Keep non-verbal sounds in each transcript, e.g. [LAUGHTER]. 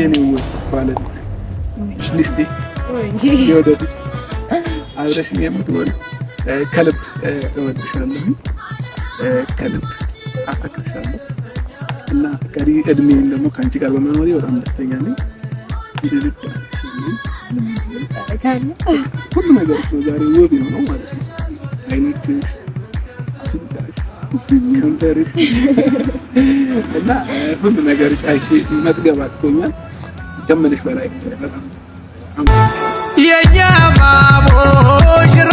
የኔ ውብ ባለቤት ሚስቴ የወደፊት አብረሽኝ የምትሆን ከልብ እወድሻለሁ፣ ከልብ አፈቅርሻለሁ እና ቀሪ እድሜን ደግሞ ከአንቺ ጋር በመኖሬ በጣም ደስተኛ ነኝ። ሁሉ ነገር ዛሬ ውብ የሆነው ማለት ነው። አይኖችሽ፣ ከንፈርሽ እና ሁሉ ነገርሽ አይቼ መጥገብ አቅቶኛል። ከምልሽ በላይ የኛ ሽራ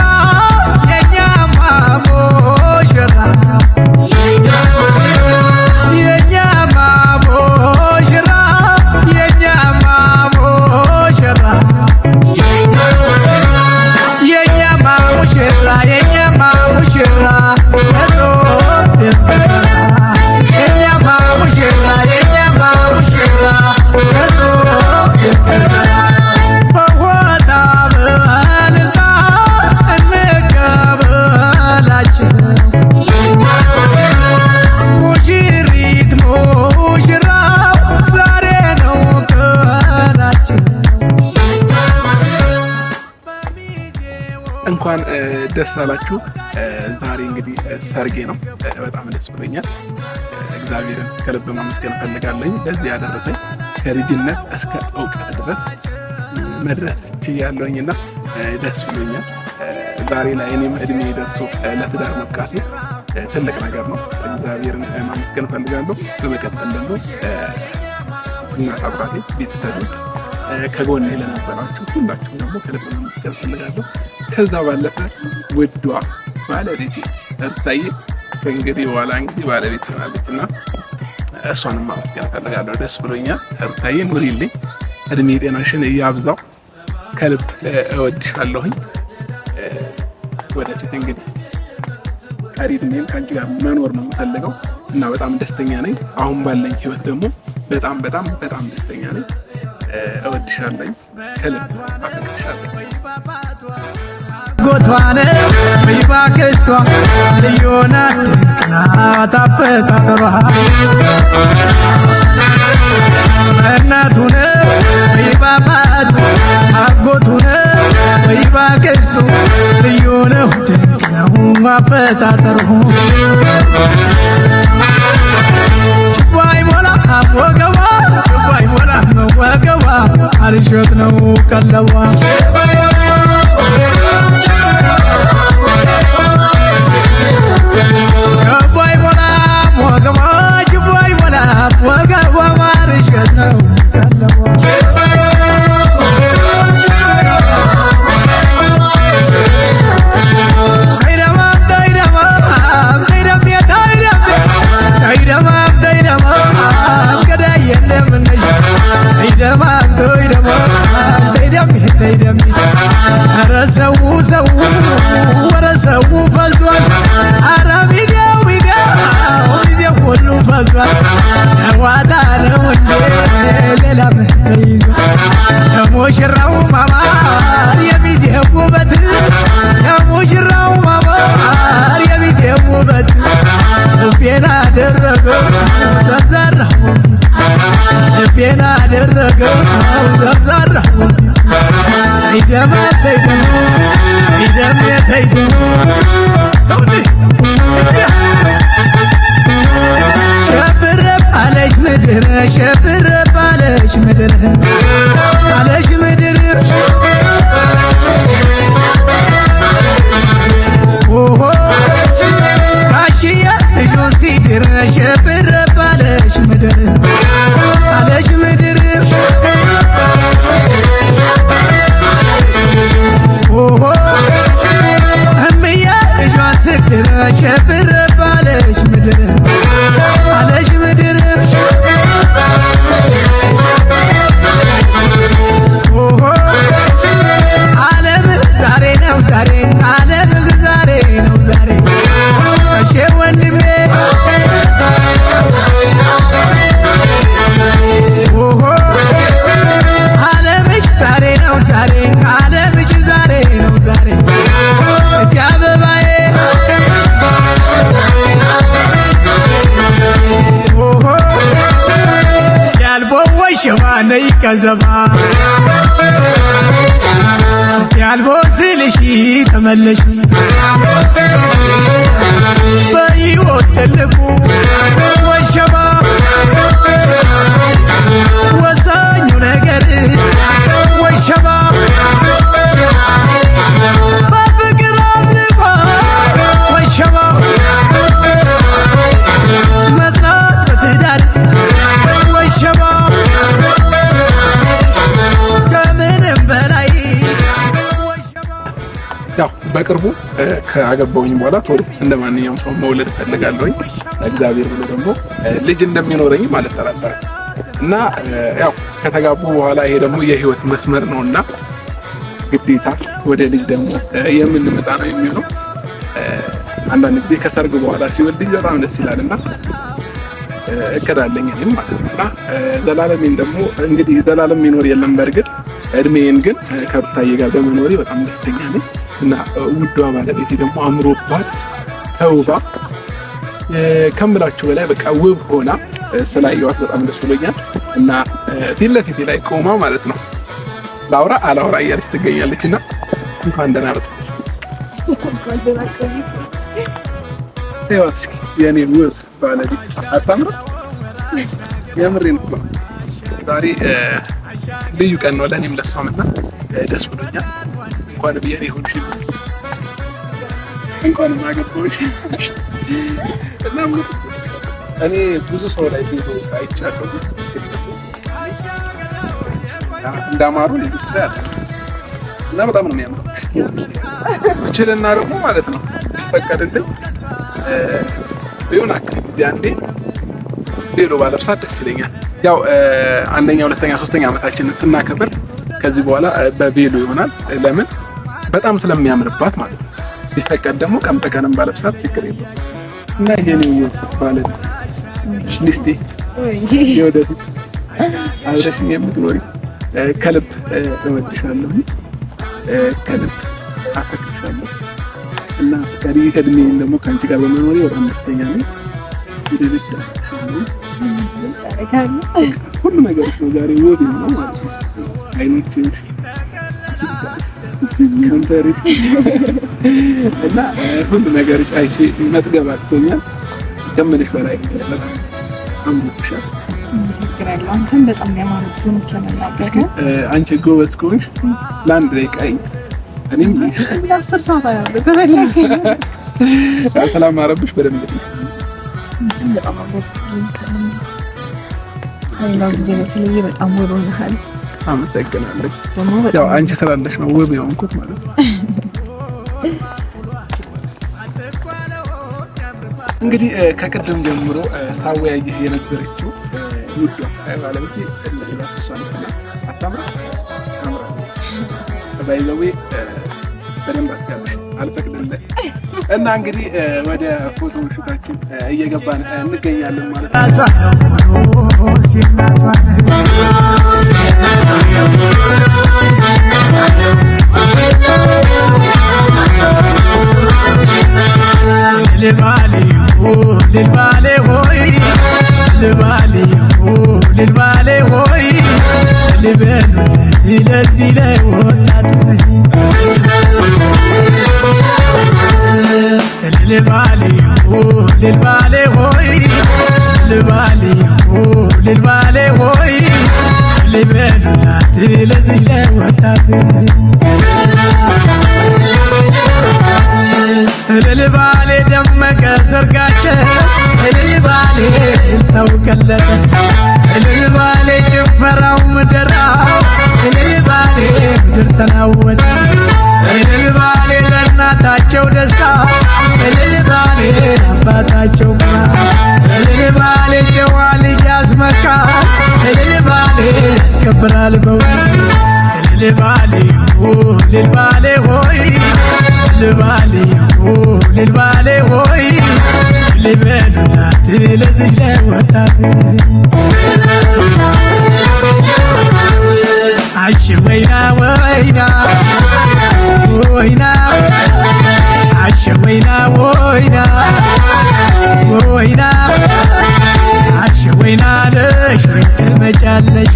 ደሳላችሁ ዛሬ እንግዲህ ሰርጌ ነው። በጣም ደስ ብሎኛል። እግዚአብሔርን ከልብ ማመስገን ፈልጋለኝ ለዚህ ያደረሰኝ ከልጅነት እስከ እውቀት ድረስ መድረስ ችያለሁኝና ደስ ብሎኛል። ዛሬ ላይ እኔም እድሜ ደርሶ ለትዳር መብቃቴ ትልቅ ነገር ነው። እግዚአብሔርን ማመስገን እፈልጋለሁ። በመቀጠል ደግሞ እናት አባቴ፣ ቤተሰቦች ከጎኔ ለነበራችሁ ሁላችሁ ደግሞ ከልብ ማመስገን ፈልጋለሁ። ከዛ ባለፈ ውዷ ባለቤቴ እርታዬ ከእንግዲህ በኋላ እንግዲህ ባለቤት ትሆናለች እና እሷን ማመስገን እፈልጋለሁ። ደስ ብሎኛል። እርታዬ ኑሪልኝ፣ እድሜ ጤናሽን እያብዛው። ከልብ እወድሻለሁኝ። ወደፊት እንግዲህ ቀሪ እድሜን ከአንቺ ጋር መኖር ነው የምፈልገው እና በጣም ደስተኛ ነኝ። አሁን ባለኝ ህይወት ደግሞ በጣም በጣም በጣም ደስተኛ ነኝ። እወድሻለኝ ከልብ አፈቅርሻለሁ። አጎቷ ነው ይባ ክስቷ ልዮናት ናጣፍታ ተባሃ እናቱ ነው ይባ ባቱ አጎቱ ነው ይባ ክስቱ ልዩ ነው ድንቅ ነው አፈጣጠሩ ወገቧ ወገቧ መወገቧ ነው ቀለቧ አደረገው ዘብዛራሁን ልቤን አደረገው ዘብዛራሁን ይደማ ተይዱ ይደም ተይዱ ሸፍረ ምድር ሸፍረ ባለሽ ምድር ባለሽ ምድር Yeah. በቅርቡ ከአገባውኝ በኋላ ቶሎ እንደ ማንኛውም ሰው መውለድ ፈልጋለሁኝ። እግዚአብሔር ብሎ ደግሞ ልጅ እንደሚኖረኝ ማለት ተራጠረ እና ያው ከተጋቡ በኋላ ይሄ ደግሞ የህይወት መስመር ነው እና ግዴታ ወደ ልጅ ደግሞ የምንመጣ ነው የሚሆነው። አንዳንድ ጊዜ ከሰርግ በኋላ ሲወልድ በጣም ደስ ይላል እና እቅድ እኔም ማለት ነው እና ዘላለሜን ደግሞ እንግዲህ ዘላለም ሚኖር የለም በእርግጥ እድሜን ግን ከሩታዬ ጋር በመኖሬ በጣም ደስተኛ ነኝ። እና ውዷ ባለቤቴ ደግሞ አምሮባት ተውባ ከምላችሁ በላይ በቃ ውብ ሆና ስላየዋት በጣም ደስ ብሎኛል። እና ፊት ለፊቴ ላይ ቆማ ማለት ነው ላውራ አላውራ እያለች ትገኛለች። እና እንኳን ደህና መጣ ዋስ የኔ ውብ ባለቤት አታምራ? የምሬ ዛሬ ልዩ ቀን ነው ለእኔም ለሷም እና ደስ ብሎኛል። እንኳን ብሄር ይሁን እንኳን ማገባሽ እና እኔ ብዙ ሰው ላይ ብዙ አይቻለሁ። እንዳማሩ እና በጣም ነው የሚያምረው። እችልና ደግሞ ማለት ነው ይፈቀድልኝ ይሁን አንዴ ባለብሳት ደስ ይለኛል። ያው አንደኛ፣ ሁለተኛ፣ ሶስተኛ ዓመታችንን ስናከብር ከዚህ በኋላ በቬሎ ይሆናል። ለምን በጣም ስለሚያምርባት ማለት ነው። ቢፈቀድ ደግሞ ቀን በቀንም ባለብሳት ችግር የለም እና ይሄን ባለ ሽሊስቲ የወደፊት አብረሽኝ የምትኖሪ ከልብ እወድሻለሁ፣ ከልብ አፈቅርሻለሁ እና ቀሪ እድሜ ደግሞ ከአንቺ ጋር በመኖሪ በጣም ደስተኛ ነኝ። ሁሉ ነገር ነው ዛሬ ውብ ነው ማለት ነው አይኖችሽ ከንፈሪ እና ሁሉ ነገር አይቼ መጥገብ አቅቶኛል። ከምልሽ በላይ አምሮብሻል። አንቺ ጎበዝ ከሆንሽ ለአንድ ደቂቃ እኔም አስር ሰዓት በበላይ በደንብ ጊዜ በተለየ በጣም ይሃል አመሰግናለሁ። ያው አንቺ ስላለሽ ነው ውብ የሆንኩት ማለት ነው። እንግዲህ ከቅድም ጀምሮ ሳወያየህ የነበረችው ውዷ ባለቤቴ ባይዘዌ በደንብ አትጋብሽ አልፈቅድልህ እና እንግዲህ ወደ ፎቶ ሹታችን እየገባን እንገኛለን ማለት ነው። ልባሌ ሆይ ልባሌ ሆይ አሜን በሉላት ለዚህ ወጣት እልል ባሌ ደመቀ ሰርጋቸው እልል ባሌ ታውቀለጠ እልል ባሌ ጭፈራው ምድራው እልል ባሌ ምድር ተናወጠ እልል ባሌ አባታቸው ደስታ እልል ባሌ አባታቸው ኩራት እልል ባሌ ጨዋ ልጅ ያስመካ እልል ባሌ ያስከብራል በእውነት እልል ባሌ እልል ባሌ ሆይ እልል ባሌ እልል ባሌ ሆይ ልበሉላት ለዚህ ለወጣት አሽ ወይና ወይና ወይና አሸ ወይና ወይና ወይና አሸ ወይና ነሽ ትመጫለሽ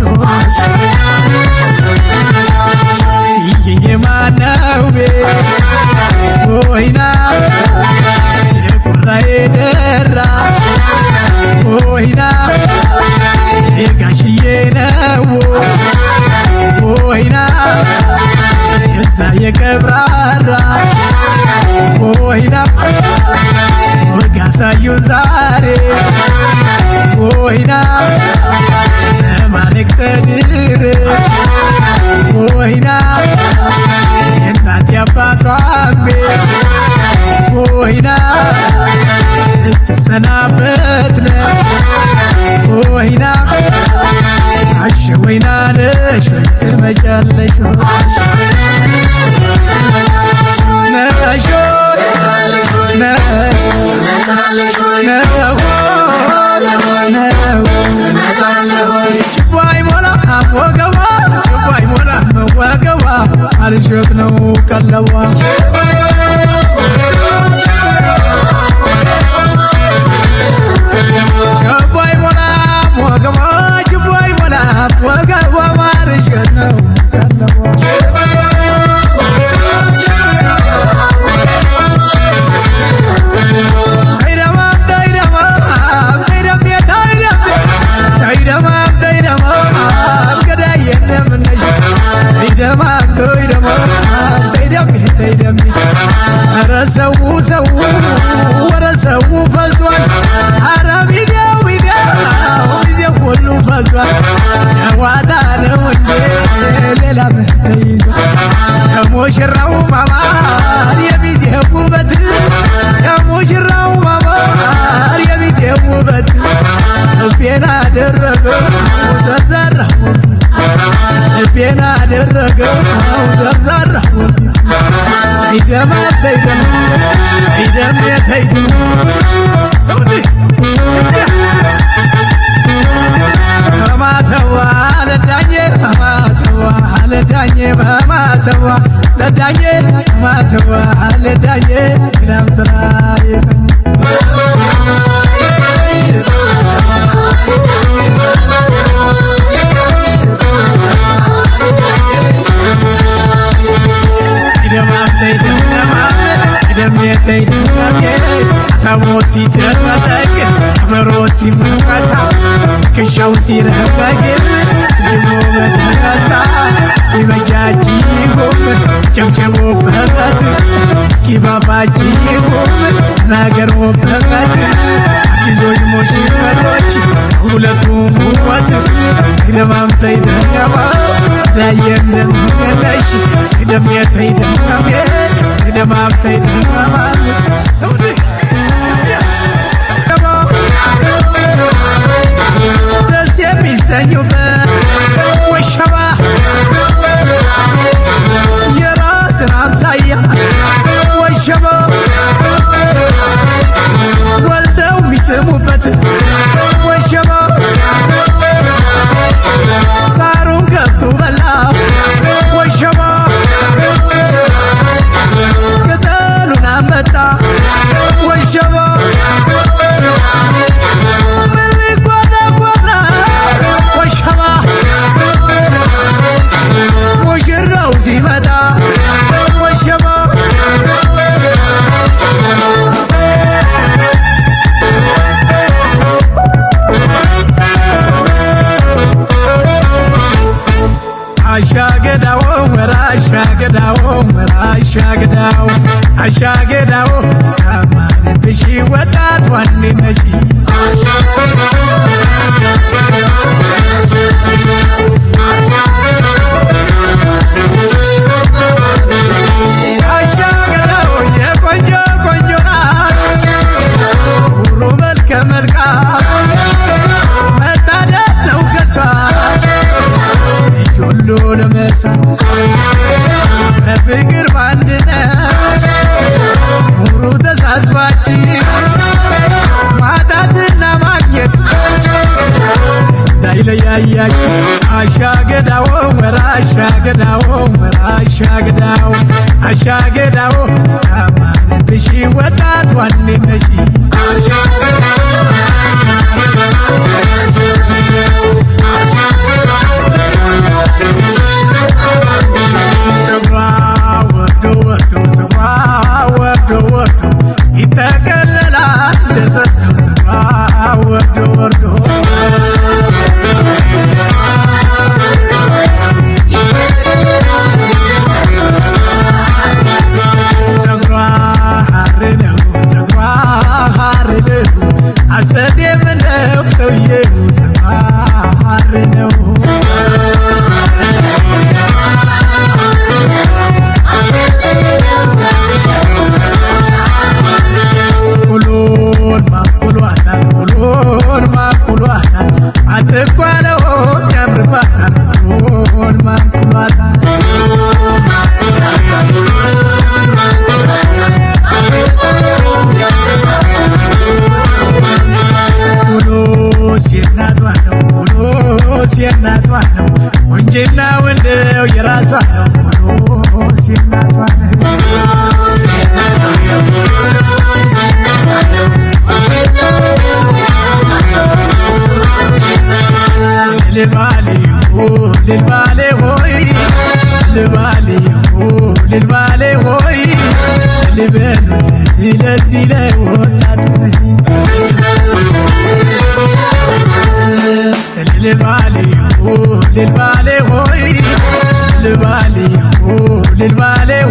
ሲበጃጅ ጎመን ጨብጨቦበት እስኪባባጅ ጎመን ናገሮበት ይዞኝ ሞሽ መሮች ሁለቱም ውበት ግለማምተይ ደገባ ላየም ደምገለሽ ግደሜተይ ደገሜ ግደማምተይ ደገባ ደስ የሚሰኙበት يا وي شباب አሻግዳው አሻግዳው ልልባሌ ሆይ ልልባሌ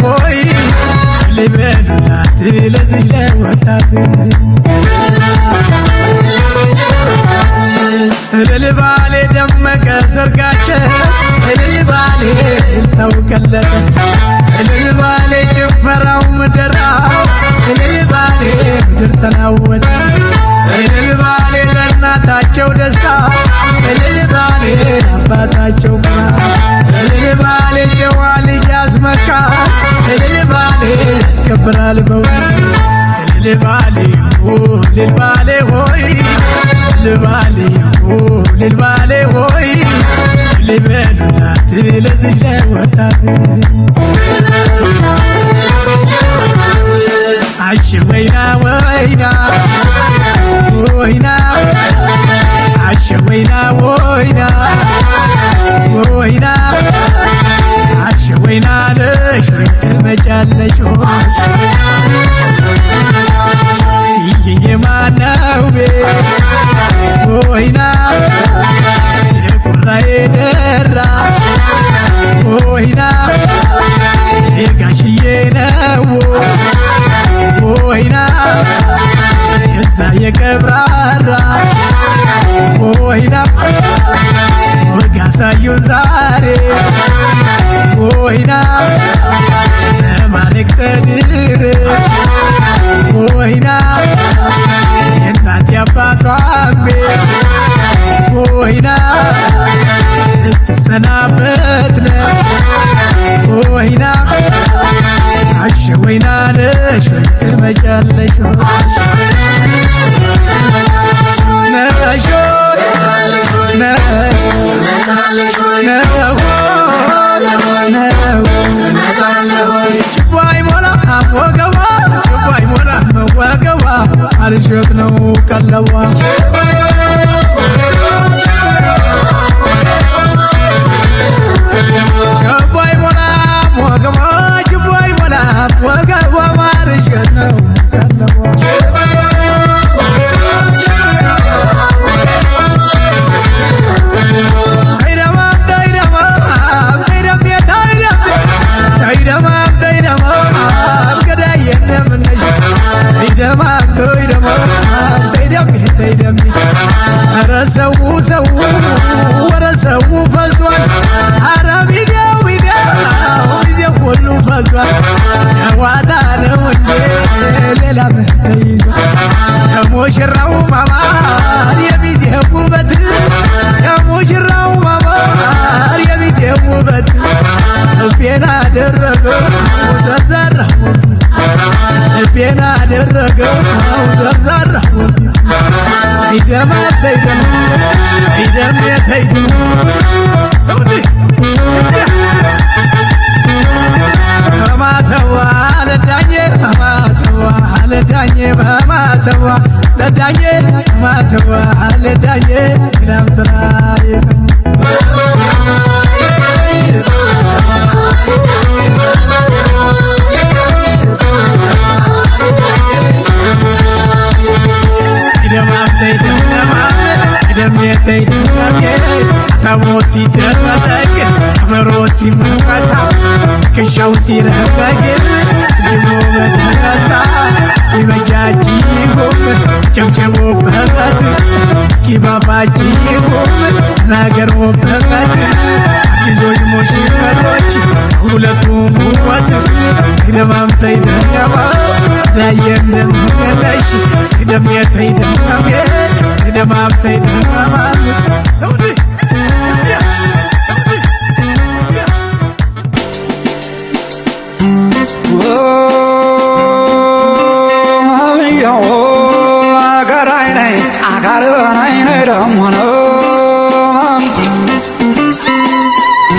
ሆይ ልበሉላት ለዚህ ወጣት ልልባሌ ደመቀ ሰርጋቸው እናታቸው ደስታ እልል ባሌ አባታቸው ኩራት እልል ባሌ ጨዋ ልጅ ያስመካ እልል ባሌ ያስከብራል በውነት እልል ባሌ እልል ባሌ ሆይ እልል ባሌ እልል ባሌ ሆይ ልበሉላት ለዚህ ላይ ወጣት አሽ ወይና ወይና ወይና ወይና ወይና ወይና አሽ ወይና ነሽ ትመጫለሽ የማናው ወይና የቁራ የደራ ወይና የጋሽዬ ነው ወይና እዛዬ ገብራራ ወይና ወግ አሳዩን ዛሬ ወይና ለማለቅ ተድሬ ወይና የእናት ያባቷን ቤት ወይና ልትሰናበት ነሽ ወይና አሽ ወይና ነሽ ትመጫለሽ ነው ቀለቧ ሲረጋግጥ ጅቦ በተነሳ እስኪ በጃጂ ጎም ጨብጨቦበት እስኪ ባባጂ ጎም ነገሮበት ይዞች ሞሽመሮች ሁለቱም ውበት ግደማምተይ ደገባ ላየም ደምገለሽ ግደሜተይ ደገሜ ግደማምተይ ደገማ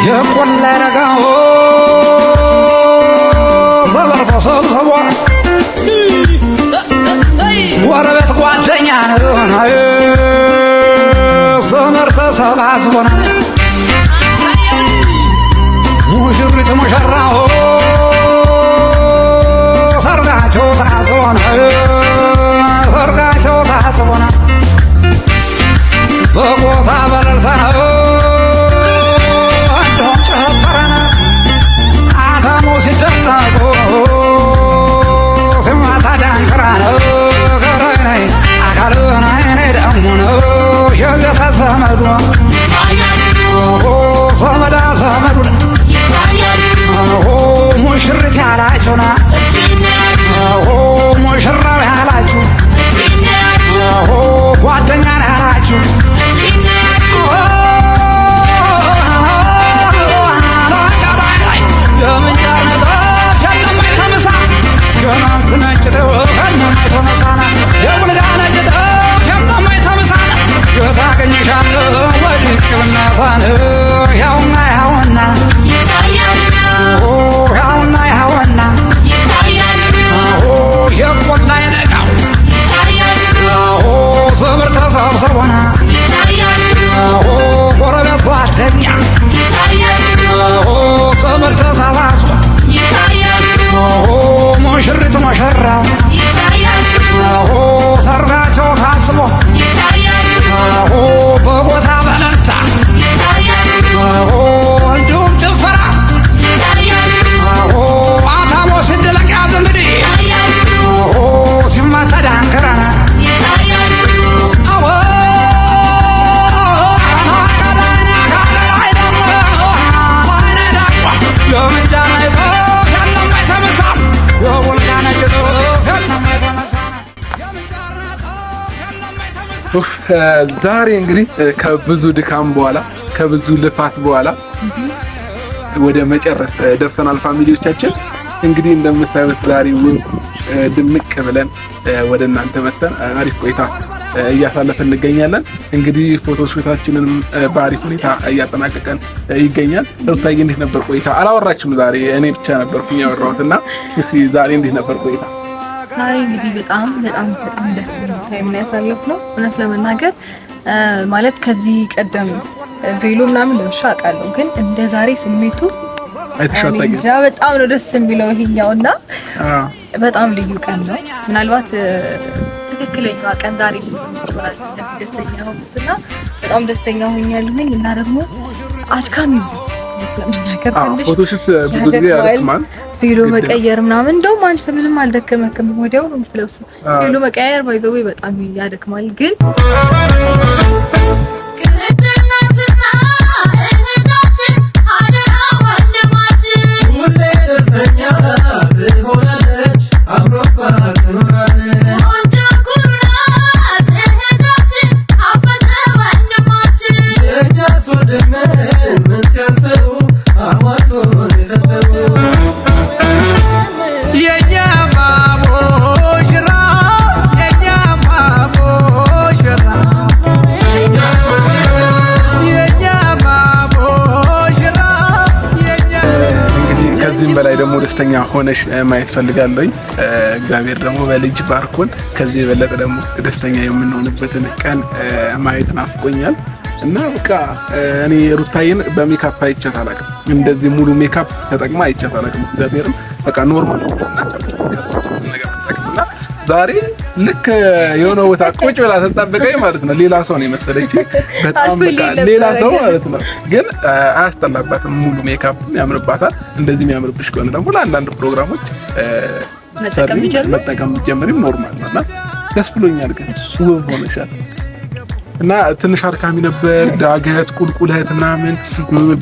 የቆላ ነጋሆ ዘበር ጎረቤት ጓደኛ ዘመር ተሰባስቦናል። ዘመዱ ዘመዳ ዘመዱና ሙሽሪት ያላቸውና ዛሬ እንግዲህ ከብዙ ድካም በኋላ ከብዙ ልፋት በኋላ ወደ መጨረስ ደርሰናል። ፋሚሊዎቻችን እንግዲህ እንደምታዩት ዛሬ ድምቅ ብለን ወደ እናንተ መተን አሪፍ ቆይታ እያሳለፈ እንገኛለን። እንግዲህ ፎቶ ሹታችንንም በአሪፍ ሁኔታ እያጠናቀቀን ይገኛል። ሩታዬ እንዴት ነበር ቆይታ? አላወራችም ዛሬ እኔ ብቻ ነበርኩኝ ያወራሁት እና ዛሬ እንዴት ነበር ቆይታ? ዛሬ እንግዲህ በጣም በጣም በጣም ደስ የሚል ታይም ላይ ያሳለፍ ነው። እውነት ለመናገር ማለት ከዚህ ቀደም ቬሎ ምናምን ለብሻ አውቃለሁ፣ ግን እንደ ዛሬ ስሜቱ እንጃ በጣም ነው ደስ የሚለው ይሄኛው እና በጣም ልዩ ቀን ነው። ምናልባት ትክክለኛ ቀን ዛሬ ስለሆነች ደስተኛ ሆንኩትና በጣም ደስተኛ ሆኛለሁኝ እና ደግሞ አድካሚ ነው ስለምናገር መቀየር ምናምን እንደውም አንተ ምንም አልደከመክም፣ ወዲያው ነው የምትለብሰው። ቬሎ መቀየር ባይዘው በጣም ያደክማል ግን ደስተኛ ሆነሽ ማየት ፈልጋለኝ። እግዚአብሔር ደግሞ በልጅ ባርኮን ከዚህ የበለጠ ደግሞ ደስተኛ የምንሆንበትን ቀን ማየት ናፍቆኛል እና በቃ እኔ ሩታዬን በሜካፕ አይቻት አላውቅም። እንደዚህ ሙሉ ሜካፕ ተጠቅማ አይቻት አላውቅም። እግዚአብሔርም በቃ ኖርማል ዛሬ ልክ የሆነ ቦታ ቁጭ ብላ ተጣበቀኝ ማለት ነው። ሌላ ሰው ነው የመሰለኝ። በጣም ሌላ ሰው ማለት ነው አያስጠላባትም። ሙሉ ሜካፕም ያምርባታል። እንደዚህ የሚያምርብሽ ከሆነ ደግሞ ለአንዳንድ ፕሮግራሞች መጠቀም ጀምሪም ኖርማል ነው እና ደስ ብሎኛል። ግን ውብ ሆነሻል እና ትንሽ አድካሚ ነበር። ዳገት ቁልቁለት ምናምን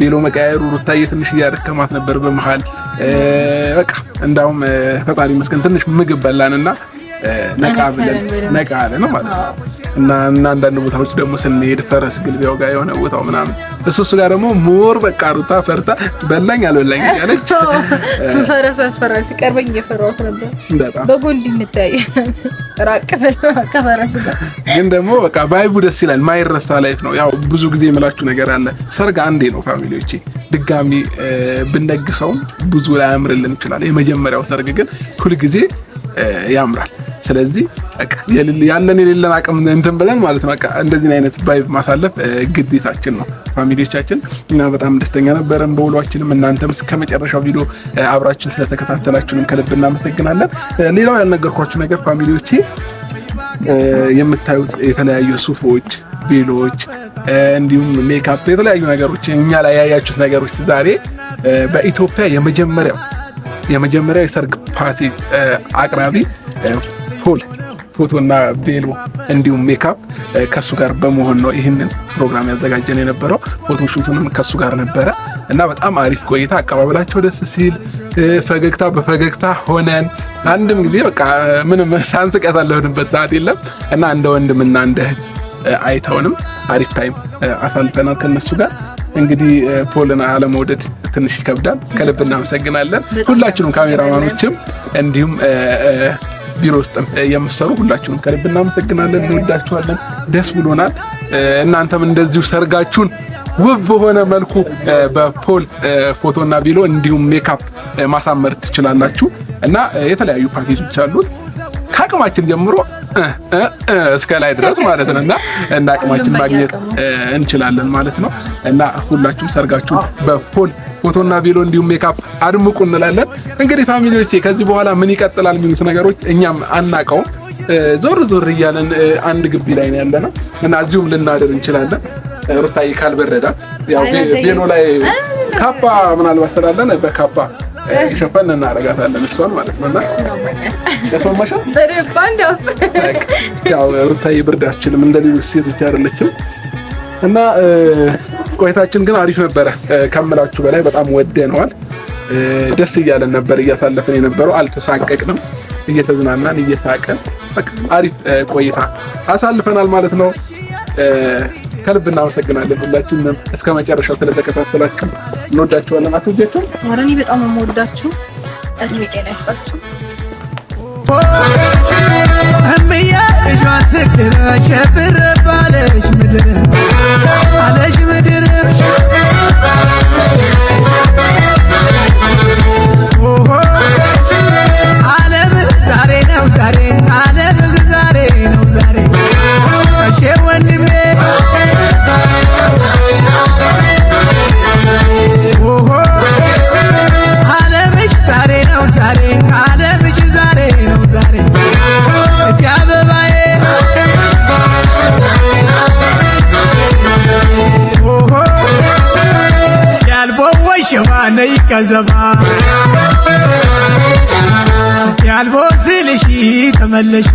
ቤሎ መቀያየሩ ሩታየ ትንሽ እያደከማት ነበር በመሀል በቃ እንዳውም ፈጣሪ ይመስገን ትንሽ ምግብ በላንና ነቃ አለ ነው ማለት ነው። እና አንዳንድ ቦታዎች ደግሞ ስንሄድ ፈረስ ግልቢያው ጋር የሆነ ቦታው ምናምን እሱ እሱ ጋር ደግሞ ሞር በቃ ሩታ ፈርታ በላኝ አልበላኝ እያለች ፈረሱ ያስፈራል። ሲቀርበኝ እየፈራሁት ነበር። በጎን እንድንታይ [LAUGHS] ራቅ ጋር ግን ደግሞ በቃ ቫይቡ ደስ ይላል። ማይረሳ ላይፍ ነው። ያው ብዙ ጊዜ የምላችሁ ነገር አለ። ሰርግ አንዴ ነው ፋሚሊዎቼ። ድጋሚ ብንደግሰውም ብዙ ላያምርልን ይችላል። የመጀመሪያው ሰርግ ግን ሁልጊዜ ያምራል። ስለዚህ ያለን የሌለን አቅም እንትን ብለን ማለት ነው። እንደዚህ አይነት ባይ ማሳለፍ ግዴታችን ነው። ፋሚሊዎቻችን እና በጣም ደስተኛ ነበረን በውሏችንም። እናንተም እስከመጨረሻው ቪዲዮ አብራችን ስለተከታተላችሁንም ከልብ እናመሰግናለን። ሌላው ያልነገርኳችሁ ነገር ፋሚሊዎቼ የምታዩት የተለያዩ ሱፎች፣ ቬሎች እንዲሁም ሜካፕ የተለያዩ ነገሮች እኛ ላይ ያያችሁት ነገሮች ዛሬ በኢትዮጵያ የመጀመሪያው የመጀመሪያ የሰርግ ፓርቲ አቅራቢ ፖል ፎቶና ቤሎ እንዲሁም ሜካፕ ከሱ ጋር በመሆን ነው ይህንን ፕሮግራም ያዘጋጀን የነበረው። ፎቶሹትንም ከሱ ጋር ነበረ እና በጣም አሪፍ ቆይታ፣ አቀባበላቸው ደስ ሲል ፈገግታ በፈገግታ ሆነን አንድም ጊዜ በቃ ምንም ሳንስቅ ያሳለፍንበት ሰዓት የለም እና እንደ ወንድምና እንደ እህት አይተውንም አሪፍ ታይም አሳልፈናል ከነሱ ጋር። እንግዲህ ፖልን አለመውደድ ትንሽ ይከብዳል። ከልብ እናመሰግናለን ሁላችሁንም፣ ካሜራማኖችም እንዲሁም ቢሮ ውስጥም የምትሰሩ ሁላችሁንም ከልብ እናመሰግናለን። እንወዳችኋለን። ደስ ብሎናል። እናንተም እንደዚሁ ሰርጋችሁን ውብ በሆነ መልኩ በፖል ፎቶና ቢሎ እንዲሁም ሜካፕ ማሳመር ትችላላችሁ እና የተለያዩ ፓኬጆች አሉት ከአቅማችን ጀምሮ እስከ ላይ ድረስ ማለት ነው እና እና አቅማችን ማግኘት እንችላለን ማለት ነው እና ሁላችሁም ሰርጋችሁን በፖል ፎቶና ቪዲዮ እንዲሁም ሜካፕ አድምቁ እንላለን። እንግዲህ ፋሚሊዎቼ ከዚህ በኋላ ምን ይቀጥላል የሚሉት ነገሮች እኛም አናቀውም ዞር ዞር እያለን አንድ ግቢ ላይ ነው ያለነው እና እዚሁም ልናደር እንችላለን። ሩታዬ ካልበረዳት ያው ቬሎ ላይ ካባ ምናልባት ስላለን በካባ ሸፈን እናደርጋታለን እሷን ማለት ነው። እና ያስማማሻል። ያው ሩታዬ ብርድ አትችልም፣ እንደ ሴቶች አይደለችም። እና ቆይታችን ግን አሪፍ ነበረ ከምላችሁ በላይ በጣም ወደነዋል። ደስ እያለን ነበር እያሳለፍን የነበረው አልተሳቀቅንም፣ እየተዝናናን እየሳቀን አሪፍ ቆይታ አሳልፈናል ማለት ነው። ከልብ እናመሰግናለን ሁላችንም እስከ መጨረሻው ስለተከታተላችሁ እንወዳችኋለን። አትወዳችሁ? ኧረ በጣም የምወዳችሁ እድሜ ጤና እምዬ ልጇን ስትል ሸብር ባለች ምድር አለች ምድር ዓለም ዛሬ ነው ዛሬ ዛሬ ነው ዛሬ ወንድሜ ገንዘባ ያልቦ ስልሽ ተመለሽ